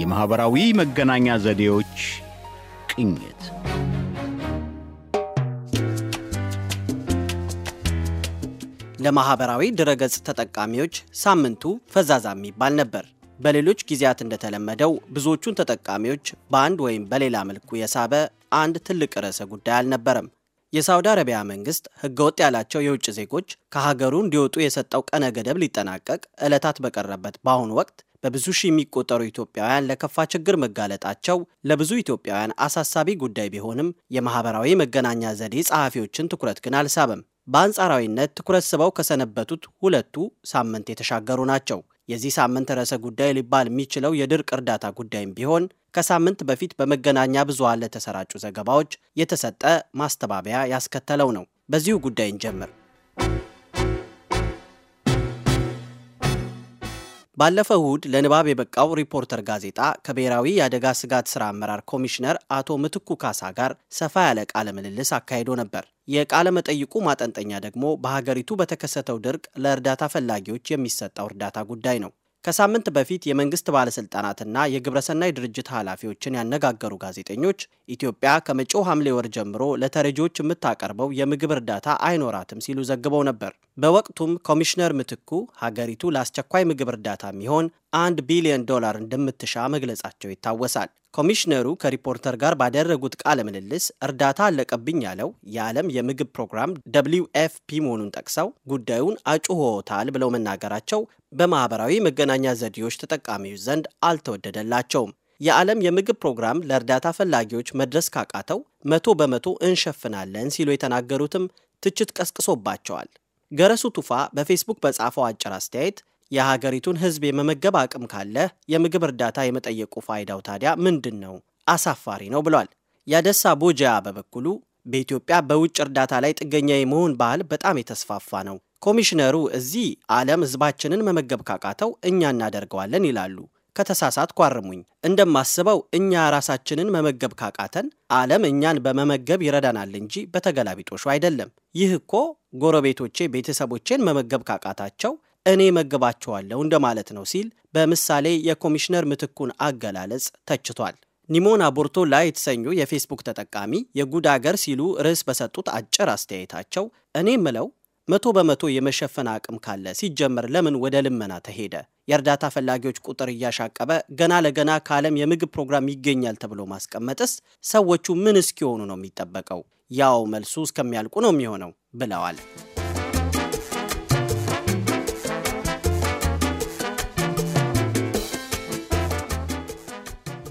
የማኅበራዊ መገናኛ ዘዴዎች ቅኝት ለማኅበራዊ ድረገጽ ተጠቃሚዎች ሳምንቱ ፈዛዛ የሚባል ነበር። በሌሎች ጊዜያት እንደተለመደው ብዙዎቹን ተጠቃሚዎች በአንድ ወይም በሌላ መልኩ የሳበ አንድ ትልቅ ርዕሰ ጉዳይ አልነበረም። የሳውዲ አረቢያ መንግስት ህገወጥ ያላቸው የውጭ ዜጎች ከሀገሩ እንዲወጡ የሰጠው ቀነ ገደብ ሊጠናቀቅ ዕለታት በቀረበት በአሁኑ ወቅት በብዙ ሺህ የሚቆጠሩ ኢትዮጵያውያን ለከፋ ችግር መጋለጣቸው ለብዙ ኢትዮጵያውያን አሳሳቢ ጉዳይ ቢሆንም የማህበራዊ መገናኛ ዘዴ ጸሐፊዎችን ትኩረት ግን አልሳበም። በአንጻራዊነት ትኩረት ስበው ከሰነበቱት ሁለቱ ሳምንት የተሻገሩ ናቸው። የዚህ ሳምንት ርዕሰ ጉዳይ ሊባል የሚችለው የድርቅ እርዳታ ጉዳይም ቢሆን ከሳምንት በፊት በመገናኛ ብዙሃን ለተሰራጩ ዘገባዎች የተሰጠ ማስተባበያ ያስከተለው ነው። በዚሁ ጉዳይ እንጀምር። ባለፈው እሁድ ለንባብ የበቃው ሪፖርተር ጋዜጣ ከብሔራዊ የአደጋ ስጋት ስራ አመራር ኮሚሽነር አቶ ምትኩ ካሳ ጋር ሰፋ ያለ ቃለ ምልልስ አካሂዶ ነበር። የቃለ መጠይቁ ማጠንጠኛ ደግሞ በሀገሪቱ በተከሰተው ድርቅ ለእርዳታ ፈላጊዎች የሚሰጠው እርዳታ ጉዳይ ነው። ከሳምንት በፊት የመንግስት ባለስልጣናትና የግብረሰናይ ድርጅት ኃላፊዎችን ያነጋገሩ ጋዜጠኞች ኢትዮጵያ ከመጪው ሐምሌ ወር ጀምሮ ለተረጂዎች የምታቀርበው የምግብ እርዳታ አይኖራትም ሲሉ ዘግበው ነበር። በወቅቱም ኮሚሽነር ምትኩ ሀገሪቱ ለአስቸኳይ ምግብ እርዳታ የሚሆን አንድ ቢሊዮን ዶላር እንደምትሻ መግለጻቸው ይታወሳል። ኮሚሽነሩ ከሪፖርተር ጋር ባደረጉት ቃለ ምልልስ እርዳታ አለቀብኝ ያለው የዓለም የምግብ ፕሮግራም ደብሊው ኤፍፒ መሆኑን ጠቅሰው ጉዳዩን አጩሆታል ብለው መናገራቸው በማኅበራዊ መገናኛ ዘዴዎች ተጠቃሚዎች ዘንድ አልተወደደላቸውም። የዓለም የምግብ ፕሮግራም ለእርዳታ ፈላጊዎች መድረስ ካቃተው መቶ በመቶ እንሸፍናለን ሲሉ የተናገሩትም ትችት ቀስቅሶባቸዋል። ገረሱ ቱፋ በፌስቡክ በጻፈው አጭር አስተያየት የሀገሪቱን ሕዝብ የመመገብ አቅም ካለ የምግብ እርዳታ የመጠየቁ ፋይዳው ታዲያ ምንድን ነው? አሳፋሪ ነው ብሏል። ያደሳ ቦጃያ በበኩሉ በኢትዮጵያ በውጭ እርዳታ ላይ ጥገኛ የመሆን ባህል በጣም የተስፋፋ ነው። ኮሚሽነሩ እዚህ ዓለም ህዝባችንን መመገብ ካቃተው እኛ እናደርገዋለን ይላሉ። ከተሳሳት ኳርሙኝ እንደማስበው እኛ ራሳችንን መመገብ ካቃተን ዓለም እኛን በመመገብ ይረዳናል እንጂ በተገላቢጦሹ አይደለም። ይህ እኮ ጎረቤቶቼ ቤተሰቦቼን መመገብ ካቃታቸው እኔ መግባቸዋለሁ እንደማለት ነው ሲል በምሳሌ የኮሚሽነር ምትኩን አገላለጽ ተችቷል። ኒሞን አቦርቶ ላይ የተሰኙ የፌስቡክ ተጠቃሚ የጉድ አገር ሲሉ ርዕስ በሰጡት አጭር አስተያየታቸው እኔ ምለው መቶ በመቶ የመሸፈን አቅም ካለ ሲጀመር ለምን ወደ ልመና ተሄደ? የእርዳታ ፈላጊዎች ቁጥር እያሻቀበ ገና ለገና ከዓለም የምግብ ፕሮግራም ይገኛል ተብሎ ማስቀመጥስ ሰዎቹ ምን እስኪሆኑ ነው የሚጠበቀው? ያው መልሱ እስከሚያልቁ ነው የሚሆነው ብለዋል።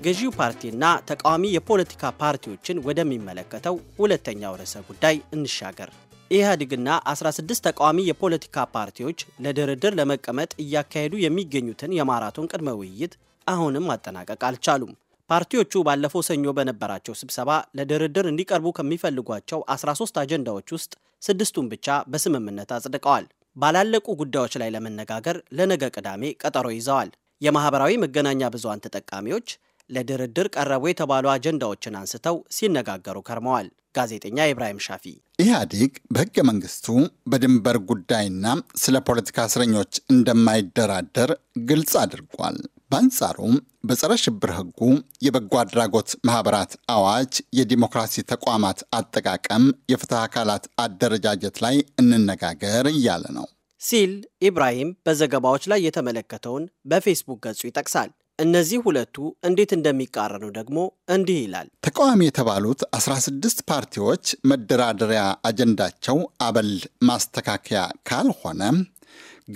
ገዢው ፓርቲና ተቃዋሚ የፖለቲካ ፓርቲዎችን ወደሚመለከተው ሁለተኛው ርዕሰ ጉዳይ እንሻገር። ኢህአዴግና 16 ተቃዋሚ የፖለቲካ ፓርቲዎች ለድርድር ለመቀመጥ እያካሄዱ የሚገኙትን የማራቶን ቅድመ ውይይት አሁንም ማጠናቀቅ አልቻሉም። ፓርቲዎቹ ባለፈው ሰኞ በነበራቸው ስብሰባ ለድርድር እንዲቀርቡ ከሚፈልጓቸው 13 አጀንዳዎች ውስጥ ስድስቱን ብቻ በስምምነት አጽድቀዋል። ባላለቁ ጉዳዮች ላይ ለመነጋገር ለነገ ቅዳሜ ቀጠሮ ይዘዋል። የማህበራዊ መገናኛ ብዙሃን ተጠቃሚዎች ለድርድር ቀረቡ የተባሉ አጀንዳዎችን አንስተው ሲነጋገሩ ከርመዋል። ጋዜጠኛ ኢብራሂም ሻፊ ኢህአዴግ በህገ መንግስቱ በድንበር ጉዳይና ስለ ፖለቲካ እስረኞች እንደማይደራደር ግልጽ አድርጓል። በአንጻሩም በጸረ ሽብር ህጉ፣ የበጎ አድራጎት ማህበራት አዋጅ፣ የዲሞክራሲ ተቋማት አጠቃቀም፣ የፍትህ አካላት አደረጃጀት ላይ እንነጋገር እያለ ነው ሲል ኢብራሂም በዘገባዎች ላይ የተመለከተውን በፌስቡክ ገጹ ይጠቅሳል። እነዚህ ሁለቱ እንዴት እንደሚቃረኑ ደግሞ እንዲህ ይላል። ተቃዋሚ የተባሉት 16 ፓርቲዎች መደራደሪያ አጀንዳቸው አበል ማስተካከያ ካልሆነ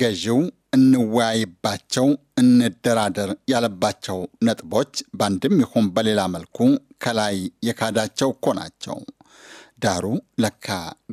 ገዢው እንወያይባቸው፣ እንደራደር ያለባቸው ነጥቦች በአንድም ይሁን በሌላ መልኩ ከላይ የካዳቸው እኮ ናቸው። ዳሩ ለካ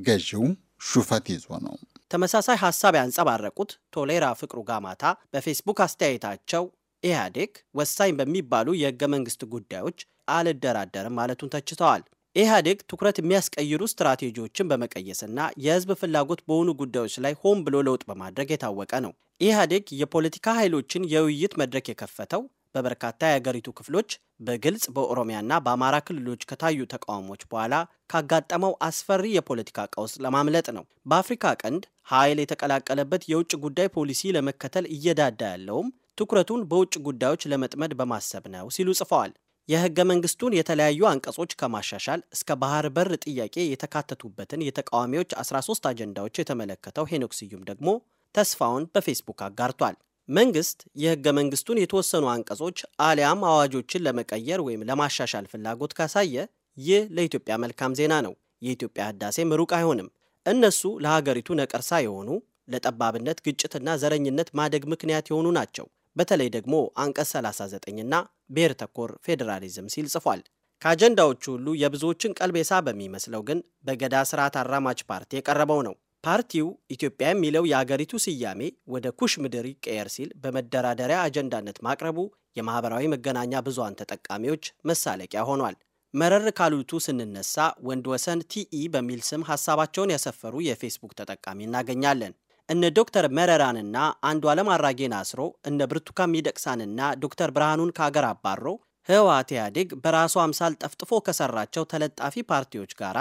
ገዢው ሹፈት ይዞ ነው። ተመሳሳይ ሀሳብ ያንጸባረቁት ቶሌራ ፍቅሩ ጋማታ በፌስቡክ አስተያየታቸው ኢህአዴግ ወሳኝ በሚባሉ የህገ መንግስት ጉዳዮች አልደራደርም ማለቱን ተችተዋል። ኢህአዴግ ትኩረት የሚያስቀይሩ ስትራቴጂዎችን በመቀየስና የህዝብ ፍላጎት በሆኑ ጉዳዮች ላይ ሆን ብሎ ለውጥ በማድረግ የታወቀ ነው። ኢህአዴግ የፖለቲካ ኃይሎችን የውይይት መድረክ የከፈተው በበርካታ የአገሪቱ ክፍሎች በግልጽ በኦሮሚያና በአማራ ክልሎች ከታዩ ተቃውሞች በኋላ ካጋጠመው አስፈሪ የፖለቲካ ቀውስ ለማምለጥ ነው። በአፍሪካ ቀንድ ኃይል የተቀላቀለበት የውጭ ጉዳይ ፖሊሲ ለመከተል እየዳዳ ያለውም ትኩረቱን በውጭ ጉዳዮች ለመጥመድ በማሰብ ነው ሲሉ ጽፈዋል። የህገ መንግስቱን የተለያዩ አንቀጾች ከማሻሻል እስከ ባህር በር ጥያቄ የተካተቱበትን የተቃዋሚዎች 13 አጀንዳዎች የተመለከተው ሄኖክ ስዩም ደግሞ ተስፋውን በፌስቡክ አጋርቷል። መንግስት የህገ መንግስቱን የተወሰኑ አንቀጾች አሊያም አዋጆችን ለመቀየር ወይም ለማሻሻል ፍላጎት ካሳየ ይህ ለኢትዮጵያ መልካም ዜና ነው። የኢትዮጵያ ህዳሴም ሩቅ አይሆንም። እነሱ ለሀገሪቱ ነቀርሳ የሆኑ ለጠባብነት ግጭትና ዘረኝነት ማደግ ምክንያት የሆኑ ናቸው። በተለይ ደግሞ አንቀጽ 39ና ብሔር ተኮር ፌዴራሊዝም ሲል ጽፏል። ከአጀንዳዎቹ ሁሉ የብዙዎችን ቀልብ የሳ በሚመስለው ግን በገዳ ስርዓት አራማጅ ፓርቲ የቀረበው ነው። ፓርቲው ኢትዮጵያ የሚለው የአገሪቱ ስያሜ ወደ ኩሽ ምድር ይቀየር ሲል በመደራደሪያ አጀንዳነት ማቅረቡ የማኅበራዊ መገናኛ ብዙሃን ተጠቃሚዎች መሳለቂያ ሆኗል። መረር ካሉቱ ስንነሳ ወንድ ወሰን ቲኢ በሚል ስም ሀሳባቸውን ያሰፈሩ የፌስቡክ ተጠቃሚ እናገኛለን። እነ ዶክተር መረራንና አንዱ ዓለም አራጌን አስሮ እነ ብርቱካን ሚደቅሳንና ዶክተር ብርሃኑን ከአገር አባሮ ህወሓት ኢህአዴግ በራሱ አምሳል ጠፍጥፎ ከሰራቸው ተለጣፊ ፓርቲዎች ጋር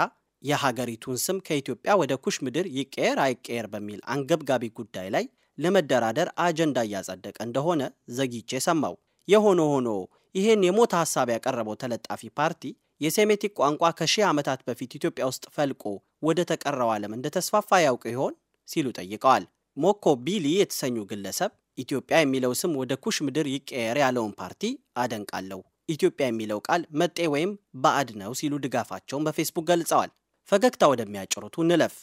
የሀገሪቱን ስም ከኢትዮጵያ ወደ ኩሽ ምድር ይቀየር አይቀየር በሚል አንገብጋቢ ጉዳይ ላይ ለመደራደር አጀንዳ እያጸደቀ እንደሆነ ዘግይቼ ሰማው። የሆነ ሆኖ ይህን የሞት ሀሳብ ያቀረበው ተለጣፊ ፓርቲ የሴሜቲክ ቋንቋ ከሺህ ዓመታት በፊት ኢትዮጵያ ውስጥ ፈልቆ ወደ ተቀረው ዓለም እንደተስፋፋ ያውቅ ይሆን? ሲሉ ጠይቀዋል። ሞኮ ቢሊ የተሰኙ ግለሰብ ኢትዮጵያ የሚለው ስም ወደ ኩሽ ምድር ይቀየር ያለውን ፓርቲ አደንቃለሁ፣ ኢትዮጵያ የሚለው ቃል መጤ ወይም ባዕድ ነው ሲሉ ድጋፋቸውን በፌስቡክ ገልጸዋል። ፈገግታ ወደሚያጭሩቱ እንለፍ።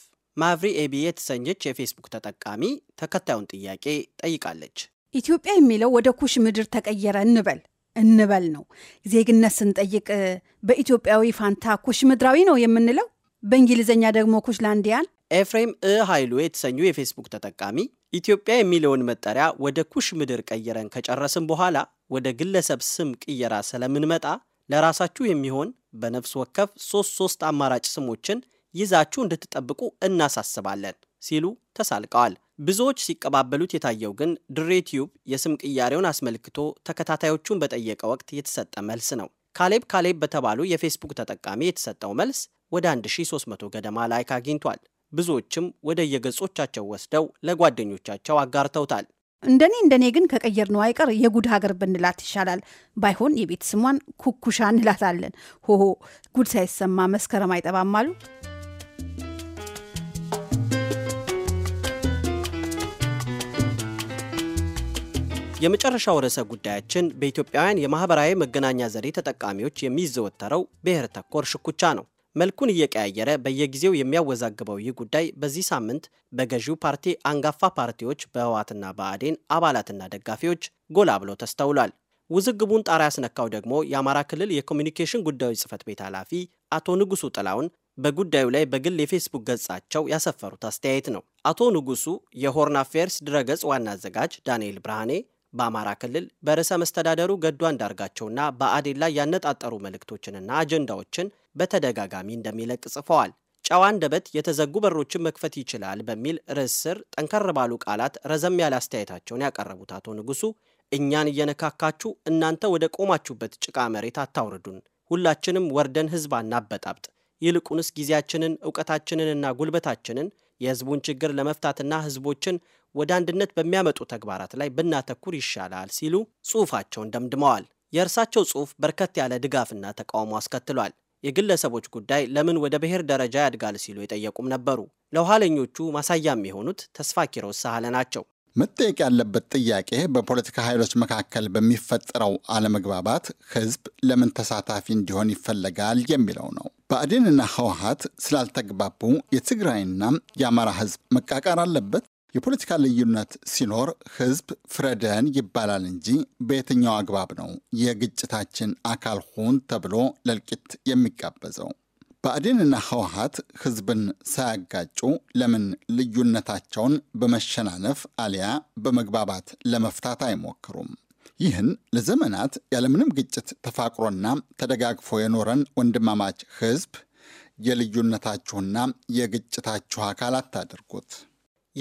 ማቭሪ ኤቢ የተሰኘች የፌስቡክ ተጠቃሚ ተከታዩን ጥያቄ ጠይቃለች። ኢትዮጵያ የሚለው ወደ ኩሽ ምድር ተቀየረ እንበል እንበል ነው ዜግነት ስንጠይቅ በኢትዮጵያዊ ፋንታ ኩሽ ምድራዊ ነው የምንለው፣ በእንግሊዝኛ ደግሞ ኩሽላንዲያን ኤፍሬም እ ኃይሉ የተሰኙ የፌስቡክ ተጠቃሚ ኢትዮጵያ የሚለውን መጠሪያ ወደ ኩሽ ምድር ቀይረን ከጨረስን በኋላ ወደ ግለሰብ ስም ቅየራ ስለምንመጣ ለራሳችሁ የሚሆን በነፍስ ወከፍ ሶስት ሶስት አማራጭ ስሞችን ይዛችሁ እንድትጠብቁ እናሳስባለን ሲሉ ተሳልቀዋል። ብዙዎች ሲቀባበሉት የታየው ግን ድሬ የስም ቅያሬውን አስመልክቶ ተከታታዮቹን በጠየቀ ወቅት የተሰጠ መልስ ነው። ካሌብ ካሌብ በተባሉ የፌስቡክ ተጠቃሚ የተሰጠው መልስ ወደ 1300 ገደማ ላይክ አግኝቷል። ብዙዎችም ወደ የገጾቻቸው ወስደው ለጓደኞቻቸው አጋርተውታል። እንደኔ እንደኔ ግን ከቀየር ነው አይቀር የጉድ ሀገር ብንላት ይሻላል። ባይሆን የቤት ስሟን ኩኩሻ እንላታለን። ሆሆ ጉድ ሳይሰማ መስከረም አይጠባም አሉ። የመጨረሻው ርዕሰ ጉዳያችን በኢትዮጵያውያን የማህበራዊ መገናኛ ዘዴ ተጠቃሚዎች የሚዘወተረው ብሔር ተኮር ሽኩቻ ነው። መልኩን እየቀያየረ በየጊዜው የሚያወዛግበው ይህ ጉዳይ በዚህ ሳምንት በገዢው ፓርቲ አንጋፋ ፓርቲዎች በህወሓትና በአዴን አባላትና ደጋፊዎች ጎላ ብሎ ተስተውሏል። ውዝግቡን ጣራ ያስነካው ደግሞ የአማራ ክልል የኮሚኒኬሽን ጉዳዮች ጽህፈት ቤት ኃላፊ አቶ ንጉሱ ጥላውን በጉዳዩ ላይ በግል የፌስቡክ ገጻቸው ያሰፈሩት አስተያየት ነው። አቶ ንጉሱ የሆርን አፌርስ ድረገጽ ዋና አዘጋጅ ዳንኤል ብርሃኔ በአማራ ክልል በርዕሰ መስተዳደሩ ገዱ አንዳርጋቸውና በአዴን ላይ ያነጣጠሩ መልእክቶችንና አጀንዳዎችን በተደጋጋሚ እንደሚለቅ ጽፈዋል። ጨዋ አንደበት የተዘጉ በሮችን መክፈት ይችላል በሚል ርዕስ ስር ጠንከር ባሉ ቃላት ረዘም ያለ አስተያየታቸውን ያቀረቡት አቶ ንጉሱ እኛን እየነካካችሁ እናንተ ወደ ቆማችሁበት ጭቃ መሬት አታውርዱን፣ ሁላችንም ወርደን ህዝብ አናበጣብጥ፣ ይልቁንስ ጊዜያችንን እውቀታችንንና ጉልበታችንን የህዝቡን ችግር ለመፍታትና ህዝቦችን ወደ አንድነት በሚያመጡ ተግባራት ላይ ብናተኩር ይሻላል ሲሉ ጽሑፋቸውን ደምድመዋል። የእርሳቸው ጽሑፍ በርከት ያለ ድጋፍና ተቃውሞ አስከትሏል። የግለሰቦች ጉዳይ ለምን ወደ ብሔር ደረጃ ያድጋል ሲሉ የጠየቁም ነበሩ። ለኋለኞቹ ማሳያም የሆኑት ተስፋ ኪሮስ ሳህለ ናቸው። መጠየቅ ያለበት ጥያቄ በፖለቲካ ኃይሎች መካከል በሚፈጠረው አለመግባባት ሕዝብ ለምን ተሳታፊ እንዲሆን ይፈለጋል የሚለው ነው። ብአዴንና ህወሀት ስላልተግባቡ የትግራይና የአማራ ሕዝብ መቃቃር አለበት? የፖለቲካ ልዩነት ሲኖር ህዝብ ፍረደን ይባላል እንጂ በየትኛው አግባብ ነው የግጭታችን አካል ሁን ተብሎ ለልቂት የሚጋበዘው? ብአዴንና ህወሀት ህዝብን ሳያጋጩ ለምን ልዩነታቸውን በመሸናነፍ አሊያ በመግባባት ለመፍታት አይሞክሩም? ይህን ለዘመናት ያለምንም ግጭት ተፋቅሮና ተደጋግፎ የኖረን ወንድማማች ህዝብ የልዩነታችሁና የግጭታችሁ አካል አታድርጉት።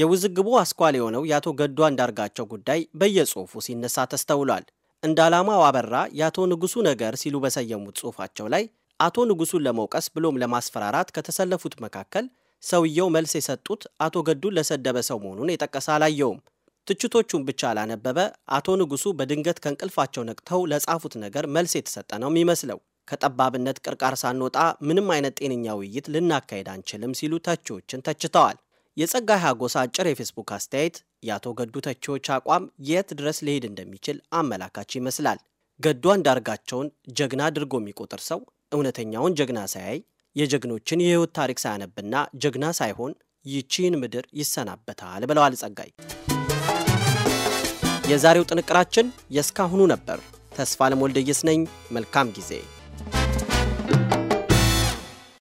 የውዝግቡ አስኳል የሆነው የአቶ ገዱ አንዳርጋቸው ጉዳይ በየጽሁፉ ሲነሳ ተስተውሏል። እንደ ዓላማው አበራ የአቶ ንጉሱ ነገር ሲሉ በሰየሙት ጽሁፋቸው ላይ አቶ ንጉሱን ለመውቀስ ብሎም ለማስፈራራት ከተሰለፉት መካከል ሰውየው መልስ የሰጡት አቶ ገዱን ለሰደበ ሰው መሆኑን የጠቀሰ አላየውም። ትችቶቹን ብቻ አላነበበ አቶ ንጉሱ በድንገት ከእንቅልፋቸው ነቅተው ለጻፉት ነገር መልስ የተሰጠ ነው የሚመስለው። ከጠባብነት ቅርቃር ሳንወጣ ምንም አይነት ጤነኛ ውይይት ልናካሄድ አንችልም ሲሉ ተቺዎችን ተችተዋል። የጸጋይ ሀጎስ አጭር የፌስቡክ አስተያየት የአቶ ገዱ ተቺዎች አቋም የት ድረስ ሊሄድ እንደሚችል አመላካች ይመስላል። ገዱ አንዳርጋቸውን ጀግና አድርጎ የሚቆጥር ሰው እውነተኛውን ጀግና ሳያይ የጀግኖችን የህይወት ታሪክ ሳያነብና ጀግና ሳይሆን ይቺን ምድር ይሰናበታል ብለዋል ጸጋይ። የዛሬው ጥንቅራችን የእስካሁኑ ነበር። ተስፋ ለሞልደየስ ነኝ። መልካም ጊዜ